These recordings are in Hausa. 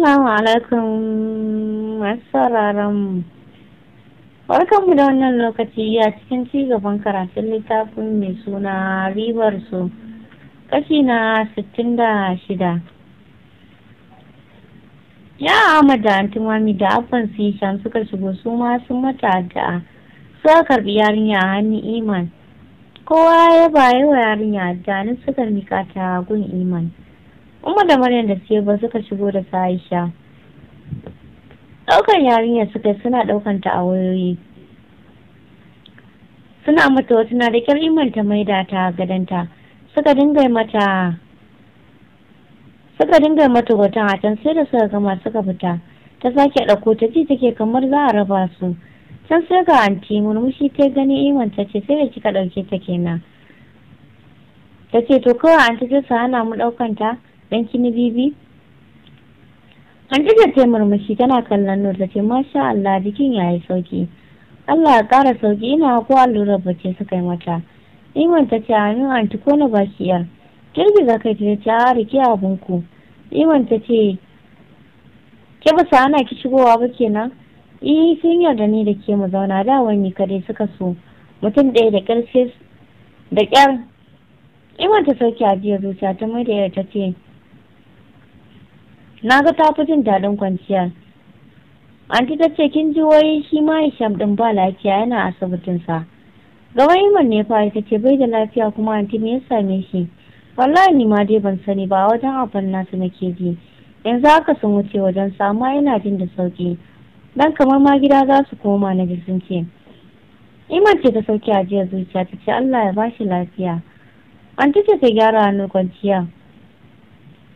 Assalamu alaikum masu sauraron mu. da wannan lokaci a cikin ci gaban karatun littafin mai suna ribar su kashi na shida. Ya Ahmad da Antimami da Abban shan suka shigo su ma sun mata da suka karbi yarinya a hannun Iman. Kowa ya bayi wa yarinya da suka mika ta gun Iman. Umar da maryam da ba suka shigo da Aisha. ɗaukar yarinyar suka suna ɗaukar ta a wayoyi suna mata wata na da kyar imanta maida ta gadanta suka dinga mata suka dinga mata hoton a can sai da suka gama suka fita ta sake ɗauko ta ji take kamar za a raba su can sai ga anti murmushi ta gani imanta ce sai da kika ɗauke ta kenan ta ce to kawai anti ta hana mu ɗaukanta. dan kini bibi Hadiza ta murmushi tana kallon Nur ta ce masha Allah jikin yayi sauki. Allah ya ƙara sauki ina ko allurar bace suka yi mata. Iman ta ce amin anti ko na baki yar. Girgiza kai ta ce a rike abinku. Iman ta ce ke ba ana ki shigowa ba kenan. Eh sun yarda ni da ke mu zauna da wani kadai suka so. Mutum ɗaya da ƙarshe da ƙyar. Iman ta a jiya zuciya ta mai da ta ce na ga ta fi jin daɗin kwanciyar anti ta ce kin ji wai shi ma hisham ɗin ba lafiya yana asibitinsa gaba iman ne fa ta ce bai da lafiya kuma anti me ya same shi wallahi ni ma dai ban sani ba wajen abin nasu nake ji yanzu haka sun wuce wajen sama yana jin da sauki dan kamar ma gida za su koma na ji sun ce iman ce ta sauki ajiyar zuciya ta ce allah ya ba shi lafiya an ta ce ta gyara hannu kwanciya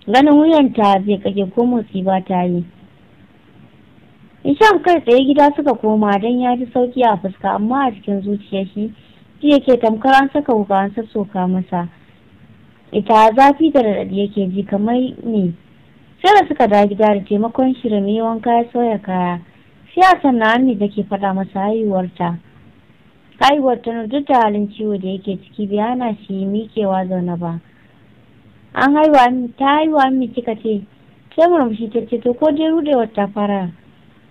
ganin wuyanta bai kake ko motsi ba ta yi Ishan kai tsaye gida suka koma don ya ji sauki a fuska amma a cikin zuciyar shi shi yake tamkar an saka wuka an sassoka masa ita zafi da raɗaɗi yake ji kamar ne sai da suka da gida da taimakon shi da mai wanka ya soya kaya sai a sannan ne take faɗa masa haihuwarta Haihuwarta na duk da halin ciwo da yake ciki bai hana shi miƙewa zaune ba. an haihuwa ta haihuwa mi kika ce sai murmushi ta ce to ko dai rudewar ta fara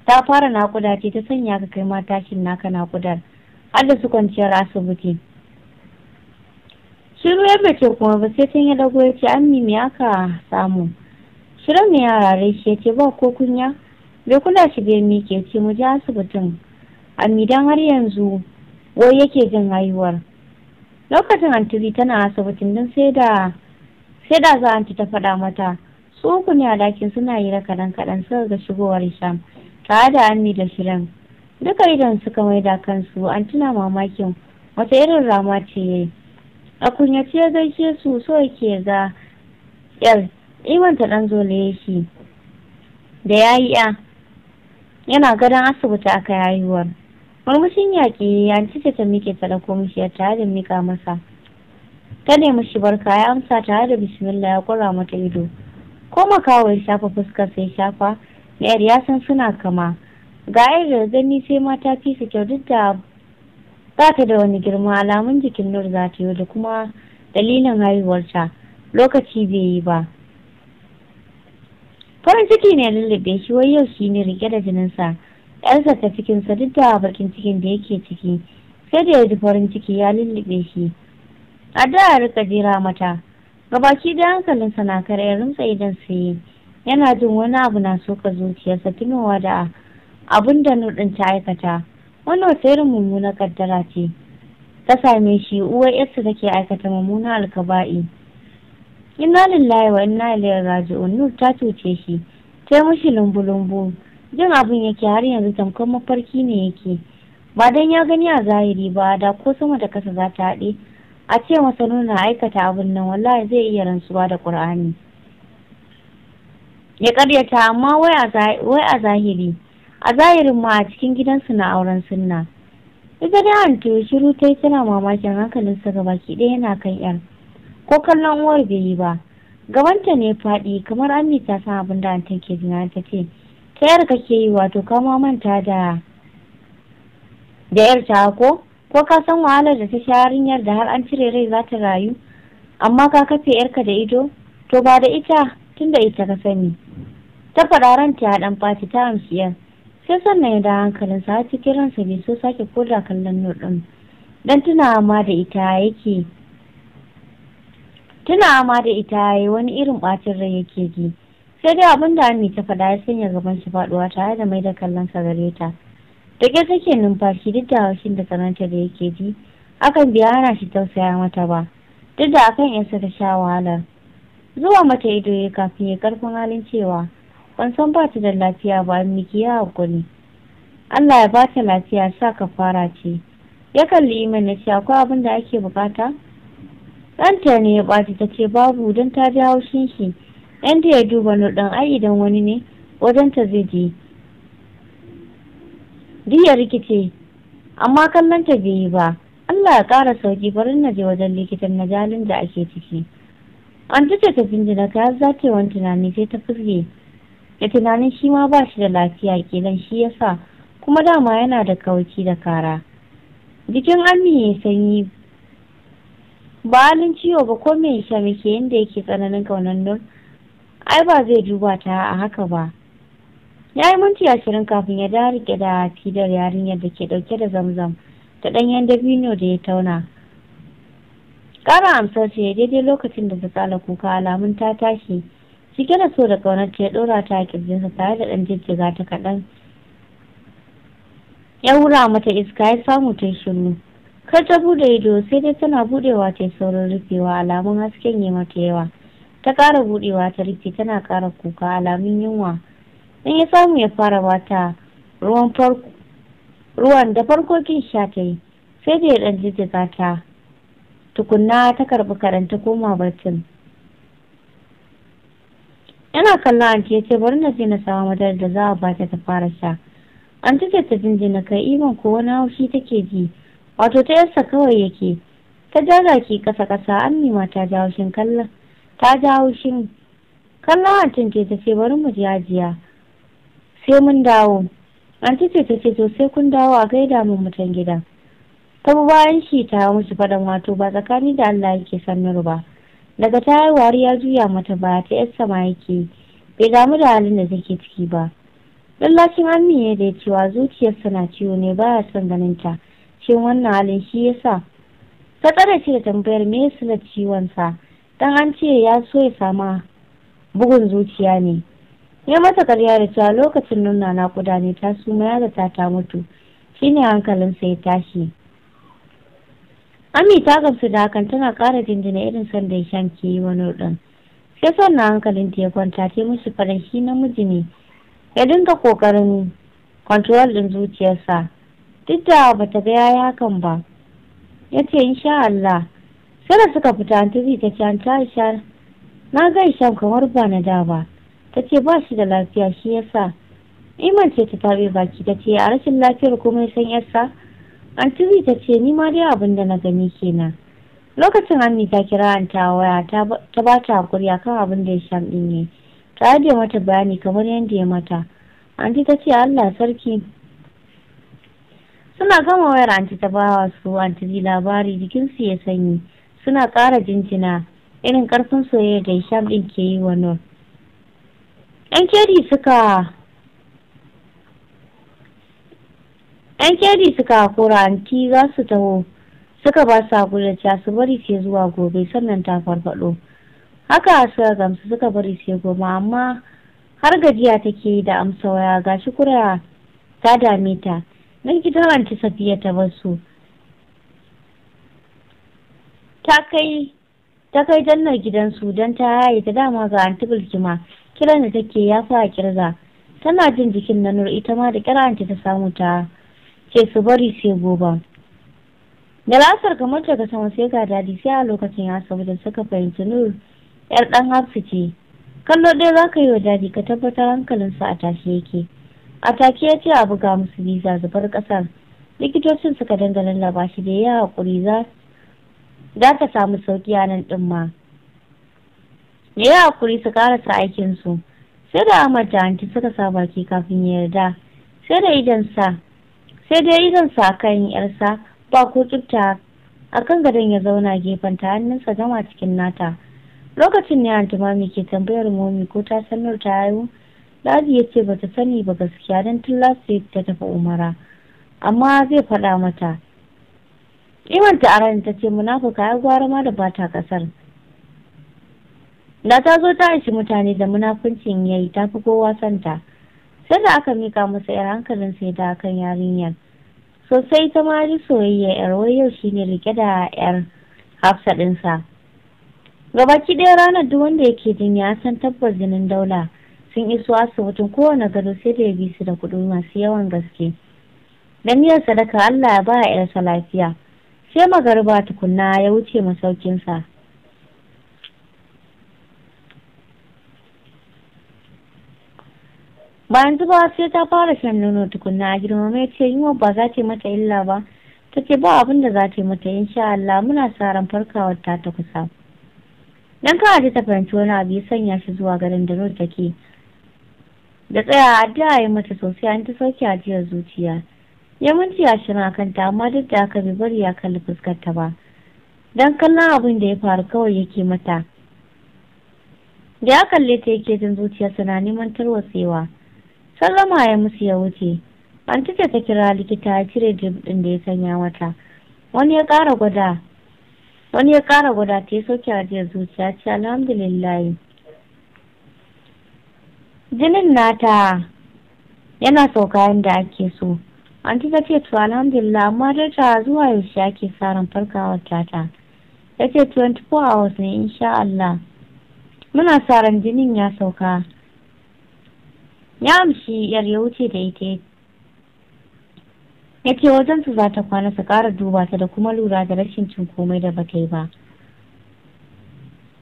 ta fara nakuda ce ta sanya ka kai mata tashin naka nakudar har da su kwanciyar asibiti shiru ya bace kuma ba sai sun ya dago ya ce an mimi aka samu shirin mai yara rai ya ce ba ko kunya bai kula shi bai ke ce mu je asibitin a midan har yanzu wai yake jin haihuwar lokacin antiri tana asibitin don sai da sai da za anti ta faɗa mata su uku ne a ɗakin suna yi kaɗan kaɗan suka ga shigowar sham tare da Anni da Shirin duka idan suka mai da kansu an tuna mamakin wata irin rama ce yi? a kunyace ya gaishe su so ke ga yar imanta ɗan zole ya shi da ya yi ya yana gadon asibiti aka yayuwar murmushin yaƙi ya ce ta mike ta da komishiyar tare da mika masa ta nemi shi barka ya amsa tare da bismillah ya kura mata ido ko makawa ya shafa fuskar sai shafa na yar ya san suna kama ga yar da gani sai mata fi su kyau duk da ba ta da wani girma alamun jikin nur za ta yi da kuma dalilin haihuwarta lokaci bai yi ba farin ciki ne lullube shi wai yau shi ne rike da jininsa yarsa ta cikinsa duk da bakin cikin da yake ciki sai da ya ji farin ciki ya lullube shi a da rika jira mata gabaki da hankalinsa na kare rinsa idan sai yana jin wani abu na soka zuciyarsa tunowa da abin da nudin ta aikata wani wata irin mummuna kaddara ce ta same shi uwar yarsa take aikata mummuna alkaba'i Ina lillahi wa inna ilaihi raji'un nur ta cuce shi ta mashi lumbu-lumbu jin abin yake har yanzu tamkar mafarki ne yake ba dan ya gani a zahiri ba da ko sama da kasa za ta haɗe a ce masa nuna aikata abin nan wallahi zai iya rantsuwa da ƙur'ani ya karyata amma wai a zahiri a zahirin ma a cikin gidansu na auren sunna ita da hantu shiru ta yi tana mamakin hankalinsa gaba ki ɗaya yana kan yar ko kallon uwar bai yi ba gabanta ne faɗi kamar an ta san abin da antan ke jina ta ce ta yar kake yi wato kama manta da da yar ta ko ko ka san wahalar da ta sha yarinyar da har an cire rai za ta rayu amma ka kafe yarka da ido to ba da ita tunda ita ka sani ta faɗa ranta ya ɗan bati ta amsiyar sai sannan ya da sa har cikin ransa bai so sake koda kallon nur ɗin dan tunawa ma da ita yake tunawa ma da ita yayi wani irin ɓacin rai yake ji sai dai abin da Ami ta faɗa ya sanya gaban shi faɗuwa tare da mai da kallon sa gare ta da ke take numfashi duk da haushin da tsananta da yake ji akan biya hana shi tausaya mata ba duk da akan sa ta sha wahalar zuwa mata ido ya kafin ya karfin halin cewa ban san ba ta da lafiya ba miki ya hakuri Allah ya ba ta lafiya sa ka fara ce ya kalli iman ya ce akwai abin da ake bukata ɗanta ne ya ɓaci ta ce babu don ta ji haushin shi ɗanta ya duba nuɗin ai idan wani ne wajen ta zai je diyar rikice amma kallon ta bai yi ba Allah ya ƙara sauki farin na je wajen likitan na jalin da ake ciki an ta ta da ta zace wani tunani sai ta fuske da tunanin shi ma ba shi da lafiya kenan shi yasa kuma dama yana da kauki da kara jikin ammi ya sanyi ba halin ciwo ba ko mai shamike sha yadda yake tsananin kaunan nur ai ba zai duba ta a haka ba ya yi minti ashirin kafin ya dawo rike da fidar yarinyar da ke dauke da zamzam ta ɗanyen dabino da ya tauna ƙara amsar ce daidai lokacin da ta tsala kuka alamun ta tashi cike da so da ƙaunar ya ɗora ta a ƙirjinsa tare da ɗan jijjiga ta kaɗan ya wura mata iska ya samu ta shiru kar ta buɗe ido sai dai tana buɗewa ta saurin rufewa alamun hasken yi mata yawa ta ƙara buɗewa ta rufe tana ƙara kuka alamun yunwa in ya samu ya fara bata ruwan farko ruwan da farko kin sha ta yi sai da ya dan jijjiga ta tukunna ta karɓi karanta koma barcin yana kallon anti ya ce bari na je na samu madar da za a bata ta fara sha an ta ta jinjina kai iman ko wani haushi take ji wato ta yarsa kawai yake ta ja ki kasa kasa an nima ta ja haushin kallon ta ja haushin kallon antin ce ta ce bari mu je ajiya sai mun dawo an ce ta ce to sai kun dawo a gaida mun mutan gida ta bayan shi ta musu faɗan wato ba tsakani da Allah yake sannar ba daga ta yi wari ya juya mata ba ta yar sama yake bai damu da halin da take ciki ba lallacin ya da ya cewa zuciyarsa na ciwo ne baya son ganin ta shin wannan halin shi yasa ta tsare ce da tambayar me yasa ciwon sa dan an ce ya so ya sama bugun zuciya ne ya mata karya da cewa lokacin nuna na kuda ne ta suma ya ta ta mutu shine hankalinsa ya tashi ami ta gamsu da hakan tana kara jinjina irin sanda ya shan ke yi wani ɗin sai son na hankalin ta ya kwanta ta farin shi namiji ne ya dinga ƙoƙarin kwantarol ɗin zuciyarsa duk da bata ga yayi hakan ba ya ce sha Allah sai da suka fita an ta ta ce an ta na shan kamar ba na da ba ta ce ba shi da lafiya shi yasa iman ce ta tabe baki ta ce a rashin lafiyar komai san yasa antiri ta ce ni ma dai abin da na gani kenan lokacin anni ta kira an ta waya ta ba ta hakuri akan abin da ya sha din ne ta ajiye mata bayani kamar yadda ya mata anti ta ce allah sarki suna gama wayar anti ta bawa su anti labari jikinsu ya sanyi suna ƙara jinjina irin ƙarfin soyayya da isham ɗin ke yi wa nur 'yan keri suka yan keri suka kora anti za su taho suka ba su su bari sai zuwa gobe sannan ta farfado haka suka gamsu suka bari sai goma. amma har gajiya take da amsa waya ga shi kura ta dame ta nan ki ta safiya ta basu ta kai ta kai jannar gidansu don ta haye ta dama ga anti kima. kiran da take ya fa a kirga tana jin jikin na nur ita ma da kiranta ta samu ta ce su bari sai gobe da lasar kamar ga sama sai ga dadi sai a lokacin ya samu da suka fahimci nur yar dan hafsu ce kallo ɗaya za ka yi wa dadi ka tabbatar hankalin hankalinsa a tashi yake a take ya ce a buga musu biza zubar ƙasar likitocin suka dangana labashi da ya haƙuri za ta samu sauƙi a nan ɗin ma ya yi hakuri su karasa aikinsu sai da Ahmad da anti suka sa baki kafin ya yarda sai da idansa sai da idansa kan yarsa ba ko tsubta akan gadon ya zauna gefen ta hannunsa gama cikin nata lokacin ne anti mami ke tambayar momi ko ta sanar ta haihu Ladi ya ce bata sani ba gaskiya don tun lasi ta tafi umara amma zai faɗa mata imanta a ta ce munafuka ya gwara ma da bata kasar da ta zo ta aiki mutane da munafuncin yayi ta fi kowa santa sai da aka mika masa yar hankalin sai da kan yarinyar sosai ta mari soyayya yar wai yau shine rike da yar hafsa dinsa gabaki ɗaya ranar duk wanda yake jin ya san tabbar jinin daula sun iso asibitin kowane gado sai da ya bi su da kuɗi masu yawan gaske da niyyar sadaka Allah ya ba yarsa lafiya sai magariba tukunna ya wuce masaukinsa bayan yanzu ba sai ta fara shan nono tukunna a girmama ya ce yi ba za ta mata illa ba ta ce ba abin da za ta yi mata sha Allah muna sa ran farkawar ta ta kusa dan kawai ta fahimci wani abu ya sanya shi zuwa garin da Nur take da tsaya addu'a ya mata sosai an ta sauke ajiyar zuciya ya minti ashirin a kanta amma duk da aka bi bari ya kalli fuskar ta ba dan kallon abin da ya faru kawai yake mata da ya kalle ta yake jin zuciya suna neman tarwatsewa sallama ya musu ya wuce antice ta kira likita ya cire jib ɗin da ya sanya mata wani ya ƙara gwada wani ya kara gwada ta ya sauke jiya zuciya ce alhamdulillahi. jinin nata yana sauka yadda ake so an ta ce to alhamdulillah amma ta zuwa yaushe ake sa ran farkawar tata ya ce 24 hours ne insha Allah muna sa ran jinin ya sauka ya amshi yar ya wuce da ita ya ce wajen su za ta kwana su kara duba ta da kuma lura da rashin cin komai da bata yi ba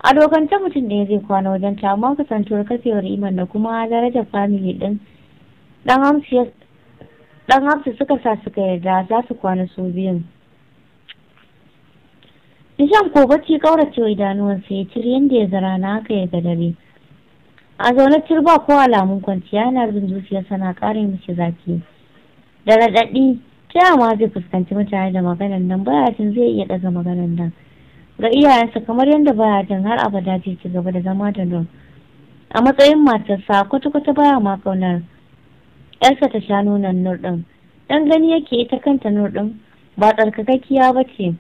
a dokance mutum ɗaya zai kwana wajen ta amma kasantuwar kasewar iman da kuma darajar famili ɗin ɗan hamsu suka sa suka yarda za su kwana su biyun Nishan ko bacci kaurace idanuwansa ya cire yadda ya zara na haka ya ga dare. a zaune turba ko alamun kwanciya yana jin zuciyar na ƙarin mace zafi da raɗaɗi ta ma zai fuskanci mutane da maganan nan baya jin zai iya ɗaga maganan nan ga iyayensa kamar yadda baya jin har abada zai ci gaba da zama da nun a matsayin matarsa kwata-kwata baya ma ƙaunar yarsa ta sha nunan nur ɗin dan gani yake ita kanta nur ɗin ba tsarkakakkiya ba ce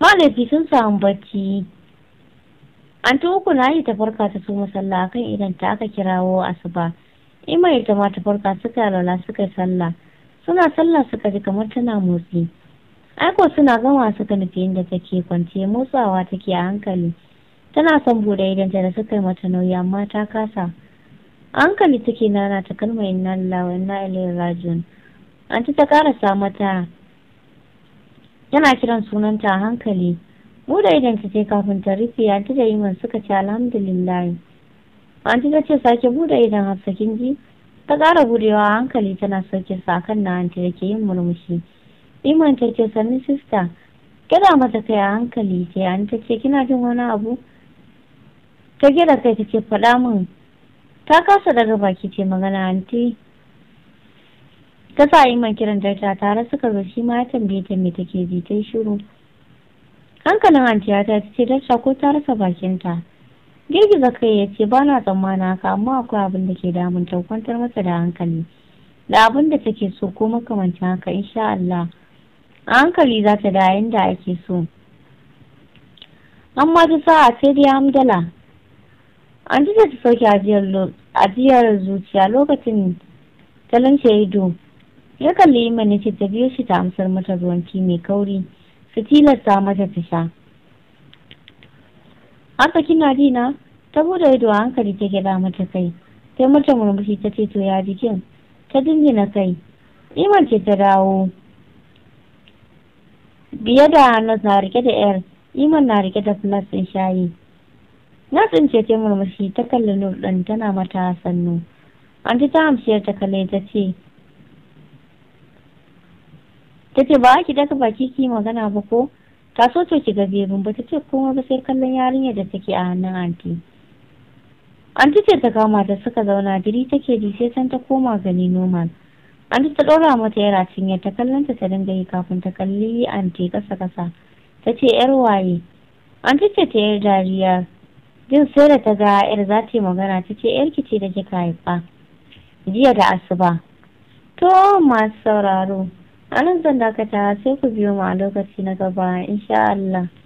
malafi sun samu bacci an ta uku na ta farka ta su masalla akan idan ta aka kirawo asuba ima ita ma ta farka suka lala suka sallah suna sallah suka ji kamar tana motsi aiko suna gama suka nufi inda take kwance motsawa take a hankali tana son bude idanta da suka yi mata nauyi amma ta kasa a hankali take nana ta kalmar inna lillahi wa inna ilaihi rajiun an ta karasa mata yana kiran sunanta a hankali buɗe idan ta ce kafin ta rufe anti da iman suka ce alhamdulillah anti ta ce sake buɗe idan hafsa kin ta ƙara budewa a hankali tana sauke sa kan na anti da ke yin murmushi iman ta ce sannu sista kira mata kai a hankali ce anti ta ce kina jin wani abu ta gida kai ta ce faɗa min ta kasa daga baki ce magana anti ta sa iman kiran ta tare suka zo shi ma ya tambaye ta me take ji ta yi shiru hankalin antiya ta ce ta ko ta rasa bakinta girgiza kai ya ce ba na tsammana haka amma akwai abin da ke damun ta kwantar masa da hankali da abin da take so ko makamancin haka insha Allah a hankali za ta da yanda ake so amma ta sa'a sai dai amdala. an ji ta sauke ajiyar zuciya lokacin ta ido ya kalli mani ce ta biyo shi ta amsar mata zuwanci mai kauri Fitilar ta mata ta sha haka kina dina ta bude ido a hankali ta gyaɗa mata kai sai mata murmushi ta ce to ya jikin ta dingina kai iman ce ta dawo biye da nas na rike da yar iman na rike da nas ɗin shayi nas ɗin ce ta murmushi ta kalli nur ɗin tana mata sannu anti ta hamsiyar ta kalle ta ce ta ce ba ki daga baki ki magana ba ko ta so to ki ga min ba ta ce kuma ba sai kallon yarinyar da take a hannun anti anti ce ta kama ta suka zauna ta take ji sai san ta koma gani normal anti ta ɗora mata yara cinye ta kallon ta ta dinga yi kafin ta kalli anti kasa kasa ta ce yar waye anti ce ta yar dariya jin sai da ta ga yar za ta yi magana ta ce yar ce da kika haifa jiya da asuba to masu sauraro anan zan dakata sai ku biyo mu a lokaci na gaba insha Allah